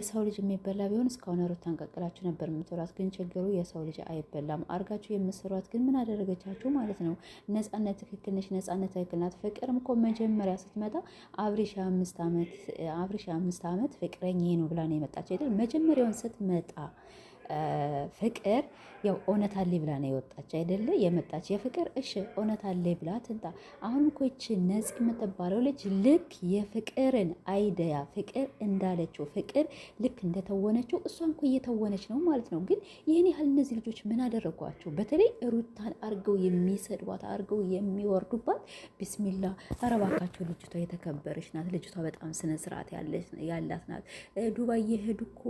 የሰው ልጅ የሚበላ ቢሆን እስካሁን ሩታን ቀቅላችሁ ነበር የምትሏት። ግን ችግሩ የሰው ልጅ አይበላም አርጋችሁ የምስሯት ግን ምን አደረገቻችሁ ማለት ነው። ነጻነት ትክክል ነች፣ ነጻነት ትክክል ናት። ፍቅርም እኮ መጀመሪያ ስትመጣ አብሪሽ አምስት ዓመት ፍቅረኝ ነው ብላ ነው የመጣቸው አይደል? መጀመሪያውን ስትመጣ ፍቅር ያው እውነት አለ ብላ ነው የወጣች አይደለ? የመጣች የፍቅር እሺ፣ እውነት አለ ብላ ትንጣ። አሁን እኮ ይቺ ነፂ የምትባለው ልጅ ልክ የፍቅርን አይዲያ ፍቅር እንዳለችው ፍቅር ልክ እንደተወነችው እሷ እኮ እየተወነች ነው ማለት ነው። ግን ይህን ያህል እነዚህ ልጆች ምን አደረጓቸው? በተለይ ሩታን አርገው የሚሰድቧት አርገው የሚወርዱባት ቢስሚላ። ኧረ ልጅቷ የተከበረች ናት። ልጅቷ በጣም ስነስርዓት ያላት ናት። ዱባይ የሄዱ እኮ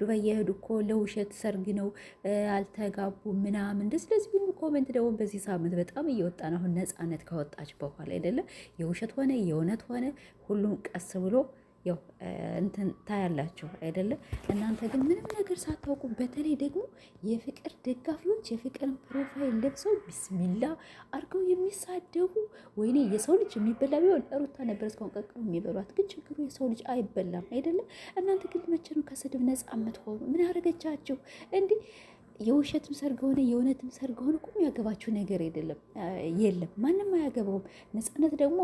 ዱባይ የሄዱ እኮ ለውሸት ልትሰርግ ነው አልተጋቡ ምናምን ደስ ለዚህ ሁሉ ኮሜንት ደግሞ በዚህ ሳምንት በጣም እየወጣን አሁን ነፃነት ከወጣች በኋላ አይደለም የውሸት ሆነ የእውነት ሆነ ሁሉም ቀስ ብሎ ያው እንትን ታያላችሁ አይደለ? እናንተ ግን ምንም ነገር ሳታውቁ በተለይ ደግሞ የፍቅር ደጋፊዎች የፍቅርን ፕሮፋይል ለብሰው ቢስሚላ አድርገው የሚሳደቡ ወይኔ የሰው ልጅ የሚበላ ቢሆን ሩታ ነበር እስካሁን ቀቅሎ የሚበሏት። ግን ችግሩ የሰው ልጅ አይበላም አይደለም። እናንተ ግን መቼ ነው ከስድብ ነጻ የምትሆኑ? ምን አደረገቻችሁ እንዲህ? የውሸትም ሰርግ ሆነ የእውነትም ሰርግ ሆነ እኮ የሚያገባችሁ ነገር አይደለም የለም። ማንም አያገባውም። ነጻነት ደግሞ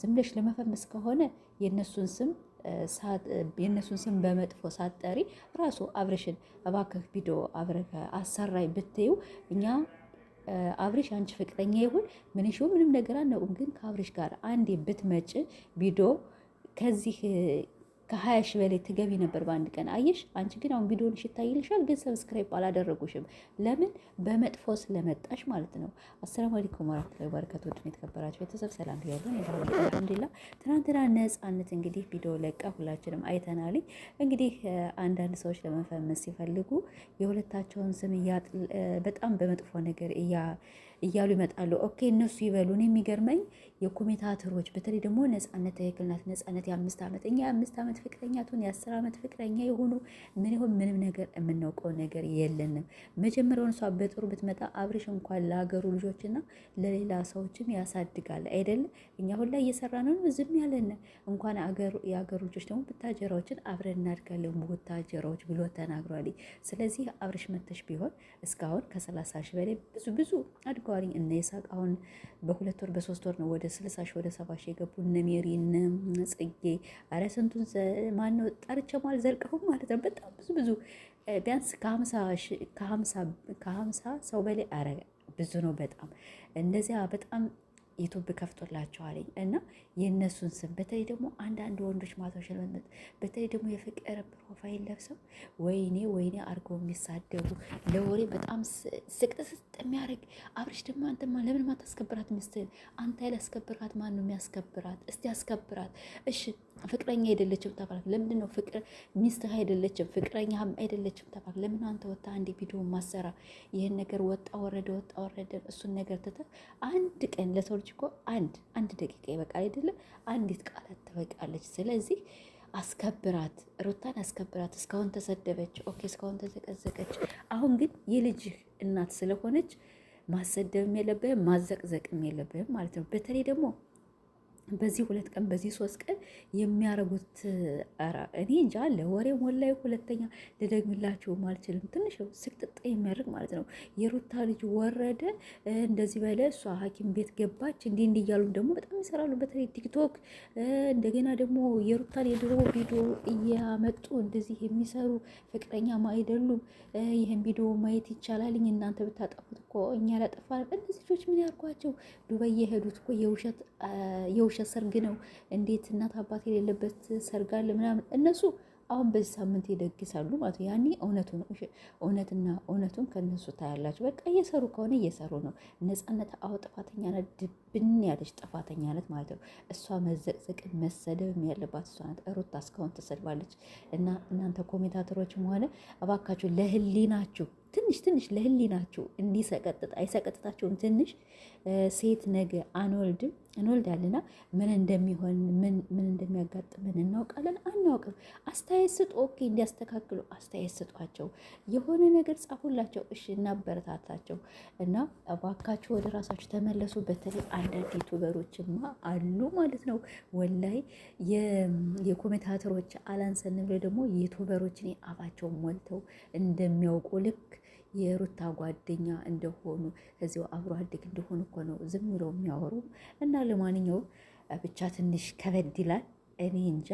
ዝም ብለሽ ለመፈመስ ከሆነ የእነሱን ስም የእነሱን ስም በመጥፎ ሳትጠሪ ራሱ አብረሽን እባክህ ቪዲዮ አብረህ አሰራይ ብትዩ እኛ አብሬሽ አንቺ ፍቅረኛ ይሁን ምን ሺው ምንም ነገር አናውቅም፣ ግን ከአብሬሽ ጋር አንዴ ብትመጭ ቪዲዮ ከዚህ ከሀያ ሺህ በላይ ትገቢ ነበር በአንድ ቀን። አየሽ አንቺ ግን አሁን ቪዲዮንሽ ይታይልሻል፣ ግን ሰብስክራይብ አላደረጉሽም። ለምን? በመጥፎ ስለመጣሽ ማለት ነው። አሰላሙ አለይኩም ወራህመቱላሂ ወበረካቱ። ውድ የተከበራችሁ ቤተሰብ ሰላም ብያለሁ። አልሐምዱሊላህ። ትናንትና ነፃነት እንግዲህ ቪዲዮ ለቃ ሁላችንም አይተናል። እንግዲህ አንዳንድ ሰዎች ለመፈመስ ሲፈልጉ የሁለታቸውን ስም በጣም በመጥፎ ነገር እያ እያሉ ይመጣሉ። ኦኬ እነሱ ይበሉ። ይበሉን። የሚገርመኝ የኮሜንታተሮች በተለይ ደግሞ ነፃነት ትክክል ናት። ነፃነት የአምስት ዓመት እኛ የአምስት ዓመት ፍቅረኛ ትሁን የአስር ዓመት ፍቅረኛ የሆኑ ምን ይሁን ምንም ነገር የምናውቀው ነገር የለንም። መጀመሪያውን እሷ በጥሩ ብትመጣ አብርሽ እንኳን ለሀገሩ ልጆችና ለሌላ ሰዎችም ያሳድጋል አይደለም። እኛ ሁን ላይ እየሰራ ነው ዝም ያለን እንኳን የሀገሩ ልጆች ደግሞ ብታጀራዎችን አብረን እናድጋለን ብታጀራዎች ብሎ ተናግሯል። ስለዚህ አብርሽ መተሽ ቢሆን እስካሁን ከሰላሳ ሺህ በላይ ብዙ ብዙ አድገዋል። እነ ይሳቅ አሁን በሁለት ወር በሶስት ወር ነው ወደ ስልሳ ሺህ ወደ ሰባ ሺህ የገቡ እነ ሜሪ እነ ጽጌ አረ ስንቱን ማነው ጠርቼ ማል ዘልቀው ማለት ነው። በጣም ብዙ ብዙ ቢያንስ ከሀምሳ ሰው በላይ አረ ብዙ ነው በጣም እንደዚያ በጣም ዩቱብ ከፍቶላቸዋለኝ እና የእነሱን ስም በተለይ ደግሞ አንዳንድ ወንዶች ማቶች ለነት በተለይ ደግሞ የፍቅር ፕሮፋይል ለብሰው ወይኔ ወይኔ አድርገው የሚሳደቡ ለወሬ በጣም ስቅጥስጥ የሚያደርግ አብርሽ ደግሞ አንተማ ለምን ማታስከብራት ሚስትህን? አንተ ያላስከብርካት ማን ነው የሚያስከብራት? እስቲ አስከብራት እሺ ፍቅረኛ አይደለችም ተባላት ለምንድን ነው ፍቅር ሚስትህ አይደለችም ፍቅረኛ አይደለችም ተባላት ለምን አንተ ወታ አንድ ቪዲዮ ማሰራ ይህን ነገር ወጣ ወረደ ወጣ ወረደ እሱን ነገር ትተህ አንድ ቀን ለሰው ነገሮች እኮ አንድ አንድ ደቂቃ ይበቃል አይደለም አንዲት ቃላት ትበቃለች። ስለዚህ አስከብራት፣ ሩታን አስከብራት። እስካሁን ተሰደበች፣ ኦኬ፣ እስካሁን ተዘቀዘቀች። አሁን ግን የልጅህ እናት ስለሆነች ማሰደብም የለብህም ማዘቅዘቅም የለብህም ማለት ነው። በተለይ ደግሞ በዚህ ሁለት ቀን በዚህ ሶስት ቀን የሚያረጉት ኧረ እኔ እንጃ አለ ወሬ ሞላይ። ሁለተኛ ልደግምላችሁ አልችልም። ትንሽ ስቅጥጥ የሚያደርግ ማለት ነው። የሩታ ልጅ ወረደ እንደዚህ በለ፣ እሷ ሐኪም ቤት ገባች እንዲህ እንዲህ እያሉም ደግሞ በጣም ይሰራሉ። በተለይ ቲክቶክ እንደገና ደግሞ የሩታን የድሮ ቪዲዮ እያመጡ እንደዚህ የሚሰሩ ፍቅረኛ አይደሉም። ይህን ቪዲዮ ማየት ይቻላልኝ እናንተ ብታጠፉት እኮ እኛ ላጠፋ። እነዚህ ልጆች ምን ያርጓቸው? ዱባይ የሄዱት እኮ የውሸት የውሸት ሰርግ ነው እንዴት እናት አባት የሌለበት ሰርግ አለ ምናምን እነሱ አሁን በዚህ ሳምንት ይደግሳሉ ማለት ነው። ያኔ እውነቱ እውነቱን እውነትና እውነቱን ከነሱ ታያላችሁ። በቃ እየሰሩ ከሆነ እየሰሩ ነው። ነፃነት አዎ ጥፋተኛነት ድብን ያለች ጥፋተኛነት ማለት ነው። እሷ መዘቅዘቅ መሰደብ ያለባት እሷ ናት። ሩታ እስካሁን ተሰድባለች እና እናንተ ኮሜንታተሮችም ሆነ እባካችሁ ለህሊናችሁ ትንሽ ትንሽ ለህሊናችሁ እንዲሰቀጥጥ አይሰቀጥታችሁም? ትንሽ ሴት ነገ አንወልድም እንወልዳልና ምን እንደሚሆን ምን እንደሚያጋጥመን እናውቃለን አናውቅም። አስተያየት ስጡ። ኦኬ፣ እንዲያስተካክሉ አስተያየት ስጧቸው። የሆነ ነገር ጻፉላቸው። እሺ፣ እናበረታታቸው እና እባካችሁ ወደ ራሳችሁ ተመለሱ። በተለይ አንዳንድ ዩቱበሮችማ አሉ ማለት ነው። ወላይ የኮሜንታተሮች አላንሰን ብለው ደግሞ ዩቱበሮችን አፋቸውን ሞልተው እንደሚያውቁ ልክ የሩታ ጓደኛ እንደሆኑ እዚው አብሮ አደግ እንደሆኑ እኮ ነው ዝም ብለው የሚያወሩ እና ለማንኛውም ብቻ ትንሽ ከበድ ይላል። እኔ እንጃ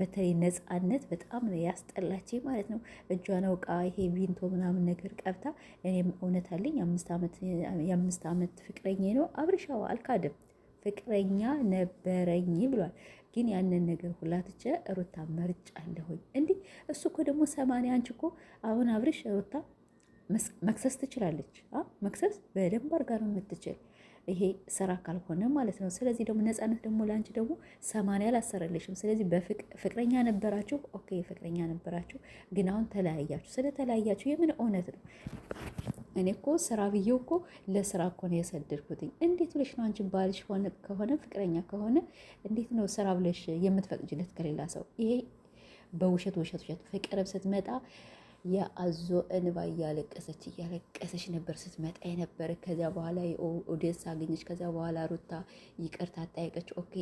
በተለይ ነፃነት በጣም ነው ያስጠላች ማለት ነው። እጇን አውቃ ይሄ ቪንቶ ምናምን ነገር ቀብታ እኔም እውነት አለኝ የአምስት ዓመት ፍቅረኛ ነው አብርሻዋ አልካድም ፍቅረኛ ነበረኝ ብሏል። ግን ያንን ነገር ሁላ ትቼ ሩታ መርጫ አለሁኝ። እንዲህ እሱ እኮ ደግሞ ሰማንያ አንቺ እኮ አሁን አብርሽ ሩታ መክሰስ ትችላለች። መክሰስ በደንብ አድርጋ ነው የምትችል። ይሄ ስራ ካልሆነ ማለት ነው። ስለዚህ ደግሞ ነፃነት ደግሞ ለአንቺ ደግሞ ሰማንያ አላሰረልሽም። ስለዚህ ፍቅረኛ ነበራችሁ፣ ኦኬ ፍቅረኛ ነበራችሁ፣ ግን አሁን ተለያያችሁ። ስለተለያያችሁ የምን እውነት ነው? እኔ እኮ ስራ ብዬ እኮ ለስራ እኮ ነው የሰደድኩትኝ። እንዴት ብለሽ ነው አንቺ ባልሽ ከሆነ ፍቅረኛ ከሆነ እንዴት ነው ስራ ብለሽ የምትፈቅጅለት ከሌላ ሰው? ይሄ በውሸት ውሸት ውሸት ፍቅርም ስትመጣ የአዞ እንባ እያለቀሰች እያለቀሰች ነበር ስትመጣ የነበረ። ከዚያ በኋላ ኦዴንስ አገኘች። ከዚያ በኋላ ሩታ ይቅርታ ጠየቀች። ኦኬ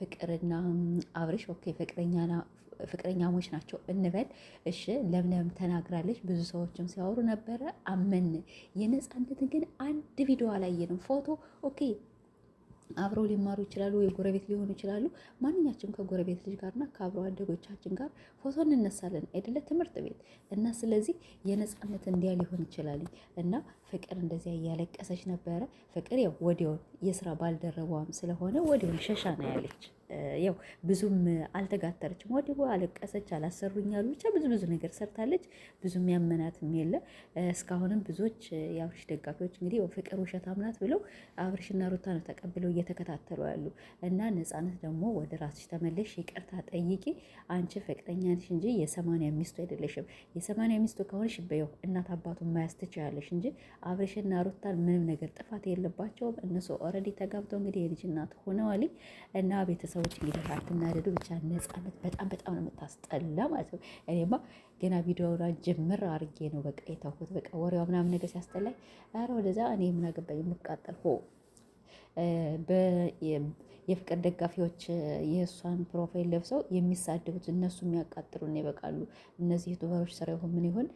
ፍቅርና አብርሽ ኦኬ ፍቅረኛና ፍቅረኛሞች ናቸው እንበል እሺ። ለምለም ተናግራለች። ብዙ ሰዎችም ሲያወሩ ነበረ አመን። የነፃነትን ግን አንድ ቪዲዮ አላየንም ፎቶ ኦኬ አብረው ሊማሩ ይችላሉ ወይ ጎረቤት ሊሆኑ ይችላሉ። ማንኛችንም ከጎረቤት ልጅ ጋርና ከአብሮ አደጎቻችን ጋር ፎቶ እንነሳለን አይደለ ትምህርት ቤት እና ስለዚህ የነፃነት እንዲያ ሊሆን ይችላል እና ፍቅር እንደዚያ እያለቀሰች ነበረ። ፍቅር ያው ወዲያውን የስራ ባልደረቧም ስለሆነ ወዲያውን ሸሻ ነው ያለች። ያው ብዙም አልተጋተረችም። ወዲሁ አለቀሰች፣ አላሰሩኛሉ። ብቻ ብዙ ብዙ ነገር ሰርታለች። ብዙም ያመናትም የለ። እስካሁንም ብዙዎች የአብርሽ ደጋፊዎች እንግዲህ ፍቅር ውሸታም ናት ብለው አብርሽና ሩታ ነው ተቀብለው እየተከታተሉ ያሉ እና ነፃነት ደግሞ ወደ ራስሽ ተመለሽ፣ ይቅርታ ጠይቂ። አንቺ ፍቅረኛ ነሽ እንጂ የሰማንያ ሚስቱ አይደለሽም። የሰማንያ ሚስቱ ከሆንሽ በይው እናት አባቱ ማያስ ትችላለሽ እንጂ አብሬሽና ሩታን ምንም ነገር ጥፋት የለባቸውም። እነሱ ኦልሬዲ ተጋብተው እንግዲህ የልጅ እናት ሆነዋል እና ቤተሰቦች እንግዲህ አትናደዱ። ብቻ ነፃነት በጣም በጣም ነው የምታስጠላ ማለት ነው። እኔማ ገና ቪዲዮውን ጅምር አርጌ ነው በቃ የታሁት በቃ ወሬዋ ምናምን ነገር ሲያስጠላኝ፣ ኧረ ወደዛ እኔ ምን አገባኝ የምቃጠል ሆ የፍቅር ደጋፊዎች የእሷን ፕሮፋይል ለብሰው የሚሳደቡት እነሱ የሚያቃጥሉን ይበቃሉ። እነዚህ ቱበሮች ስራ ይሁን ምን ይሁን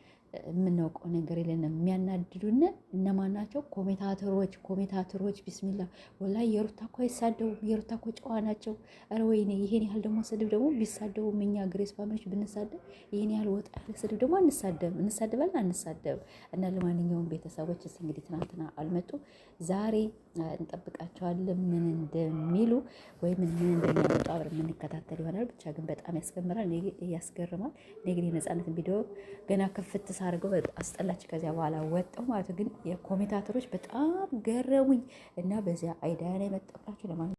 የምናውቀው ነገር የለንም። የሚያናድዱን እነማን ናቸው? ኮሜታተሮች ኮሜታተሮች ቢስሚላ ወላ የሩታ እኮ አይሳደቡም። የሩታ እኮ ጨዋ ናቸው። ኧረ ወይኔ ይሄን ያህል ደግሞ ስድብ ደግሞ ቢሳደቡም እኛ ግሬስ ፋሚሊዎች ብንሳደብ ይሄን ያህል ወጣ ያለ ስድብ ደግሞ አንሳደብ እንሳደባለን አንሳደብ እና ለማንኛውም ቤተሰቦች እንግዲህ ትናንትና አልመጡ ዛሬ እንጠብቃቸዋለን ምን እንደሚሉ ወይም ምን እንደሚያወጡ እንደሚያመጡ አብረን የምንከታተል ይሆናል። ብቻ ግን በጣም ያስገምራል፣ ያስገርማል። እኔ ግን የነፃነትን ቪዲዮ ገና ክፍት ሳድርገው አስጠላች። ከዚያ በኋላ ወጣው ማለት ግን የኮሜንታተሮች በጣም ገረሙኝ እና በዚያ አይዳ ላይ መጠፋቸው ለማለት